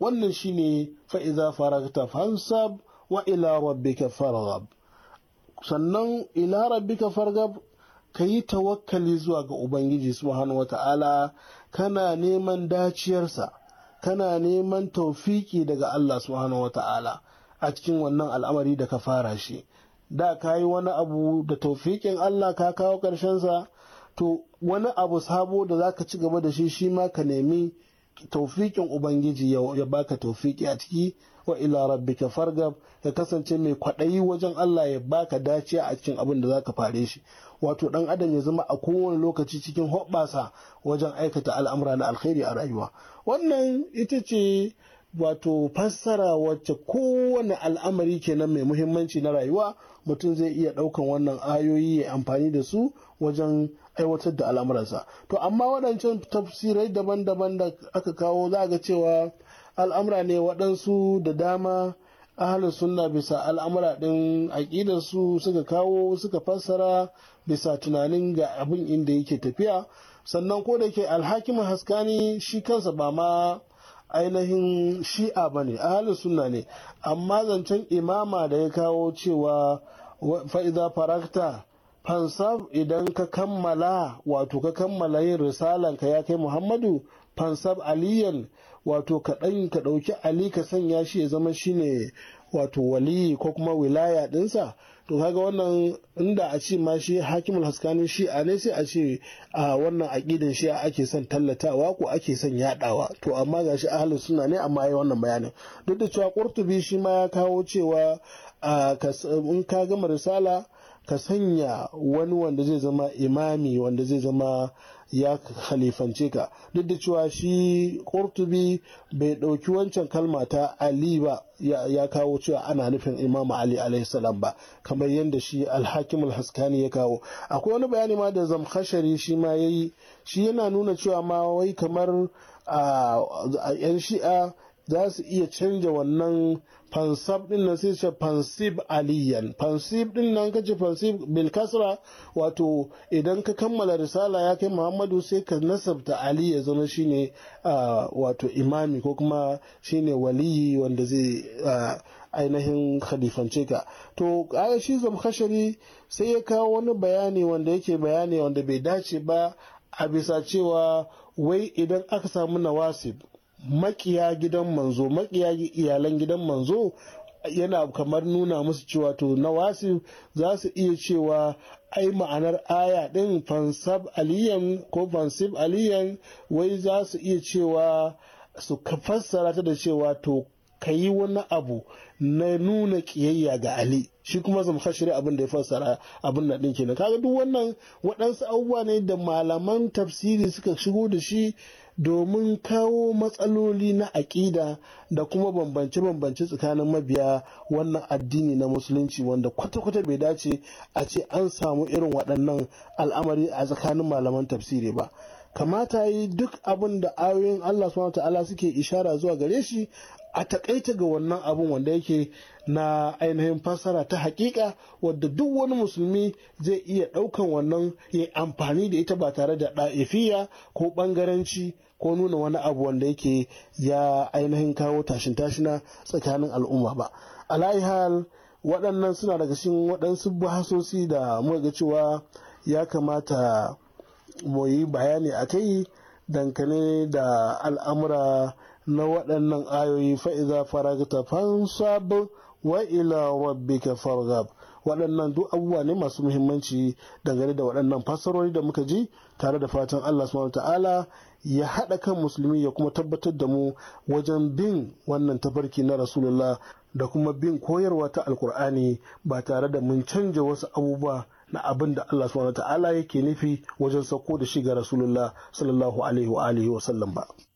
wannan shine fa'iza faragta fansab wa ila rabbika farghab sannan ila rabbika fargab ka yi tawakkali zuwa ga ubangiji subhanahu wata'ala kana neman daciyarsa kana neman taufiki daga Allah subhanahu wata'ala a cikin wannan al'amari da ka fara shi da ka yi wani abu da taufikin Allah ka kawo ƙarshensa to wani abu sabo da za ka ci gaba da shi shi ma ka nemi taufikin ubangiji ya baka taufiki a ciki wa ila ka farga ya kasance mai kwaɗayi wajen Allah ya baka dace a cikin abin da za ka fare shi wato ɗan adam ya zama a kowane lokaci cikin hoɓɓasa wajen aikata al'amura na alkhairi a rayuwa wannan ita ce wato fassara wacce kowane al'amari kenan mai muhimmanci na rayuwa mutum zai iya ɗaukan wannan ayoyi ya amfani da su wajen aiwatar da al'amuransa to amma waɗancan tafsirai daban-daban da aka kawo za ga cewa al'amura ne waɗansu da dama ahalin sunna bisa al'amura ɗin aƙidar su suka kawo suka fassara bisa tunanin ga abin inda yake tafiya sannan ko da ke alhakimin haskani shi kansa ba ma ainihin shi'a ba ne ahalin sunna ne amma zancen imama da ya kawo cewa fa'iza farakta fansab idan ka kammala wato ka kammala yin risalan ka ya kai muhammadu fansab aliyan wato ka ka ɗauki ali ka sanya shi ya zama shine wato wali ko kuma wilaya ɗinsa to kaga wannan inda a ce ma shi hakim alhaskani shi a ne sai a ce a wannan aƙidin shi ake son tallatawa ko ake son yaɗawa to amma gashi shi ahalin suna ne amma yi wannan bayanin duk da cewa ƙurtubi shi ma ya kawo cewa in ka gama risala ka sanya wani wanda zai zama imami wanda zai zama ya khalifance ka duk da cewa shi kurtubi bai ɗauki wancan kalma ta ali ba ya kawo cewa ana nufin imam ali salam ba kamar yadda shi alhakim alhaskani ya kawo akwai wani bayani ma da zamkashari shi ma ya yi shi yana nuna cewa ma wai kamar a 'yan shi'a za su iya canja wannan fansab din nan sai ce fansib aliyan fansib din nan kace fansib bil kasra wato idan ka kammala risala ya kai muhammadu sai ka nasabta ali ya zama shine wato imami ko kuma shine waliyi wanda zai ainihin khalifance ka to aya shi zamkhashari sai ya kawo wani bayani wanda yake bayani wanda bai dace ba a bisa cewa wai idan aka samu nawasib makiya gidan manzo makiya iyalan gidan manzo yana kamar nuna musu cewa to na wasu za su iya cewa ai ma'anar aya ɗin fansab aliyan ko fansib aliyan wai za su iya cewa su fassara ta da cewa to ka yi wani abu na nuna ƙiyayya ga Ali shi kuma kashiri abin da ya fassara abin na ɗin kenan kaga duk wannan waɗansu abubuwa ne da malaman tafsiri suka shigo da shi domin kawo matsaloli na aƙida da kuma bambance-bambance tsakanin mabiya wannan addini na musulunci wanda kwata-kwata bai dace a ce an samu irin waɗannan al'amari a tsakanin malaman tafsiri ba kamata yi duk abin da ayoyin Allah subhanahu suke ishara zuwa gare shi a takaita ga wannan abun wanda yake na ainihin fassara ta hakika wadda duk wani musulmi zai iya daukan wannan ya amfani da ita ba tare da ɗa'ifiya ko ɓangaranci ko nuna wani abu wanda yake ya ainihin kawo tashin tashina tsakanin al'umma ba alaihal waɗannan suna daga cikin waɗansu bahasosi da muka ga cewa ya kamata mu yi bayani a kai dankane da al'amura na waɗannan ayoyi fa'iza faragta fansab wa ila rabbika waɗannan duk abubuwa ne masu muhimmanci dangane da waɗannan fassarori da muka ji tare da fatan Allah subhanahu ta'ala ya haɗa kan musulmi ya kuma tabbatar da mu wajen bin wannan tafarki na rasulullah da kuma bin koyarwa ta alkur'ani ba tare da mun canja wasu abubuwa na abin da Allah subhanahu ta'ala yake nufi wajen sauko da shi ga rasulullah sallallahu alaihi wa wa sallam ba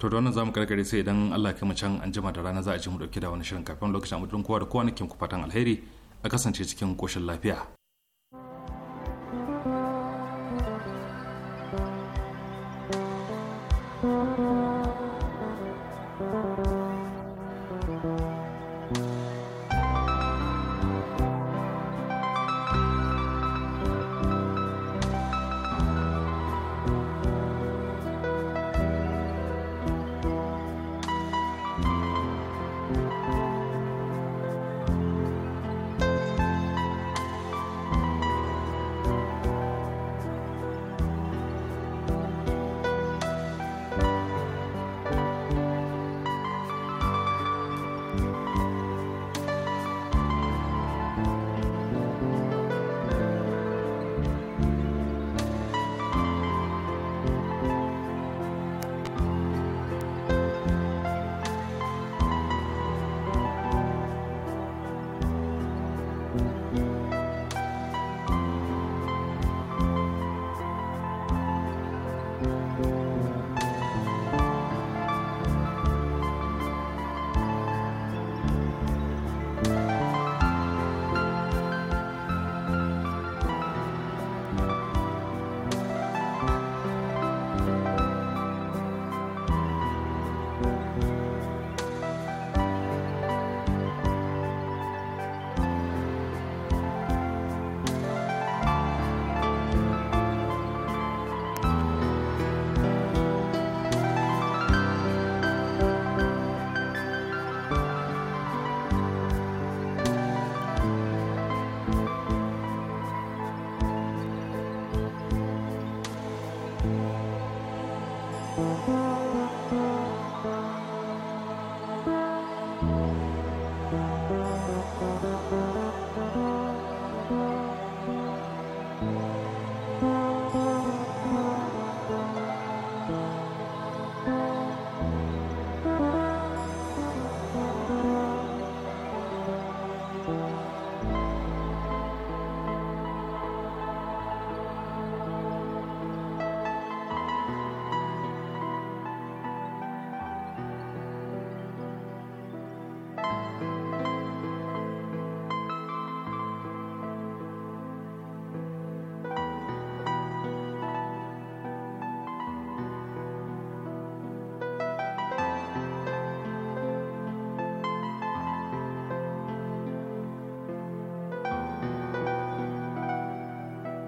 to da wannan zamu karkare sai idan Allah ya can an jima da rana za a ji mu dauke da wani shirin kafin lokacin mutun kowa da kowa nake ku fatan alheri a kasance cikin koshin lafiya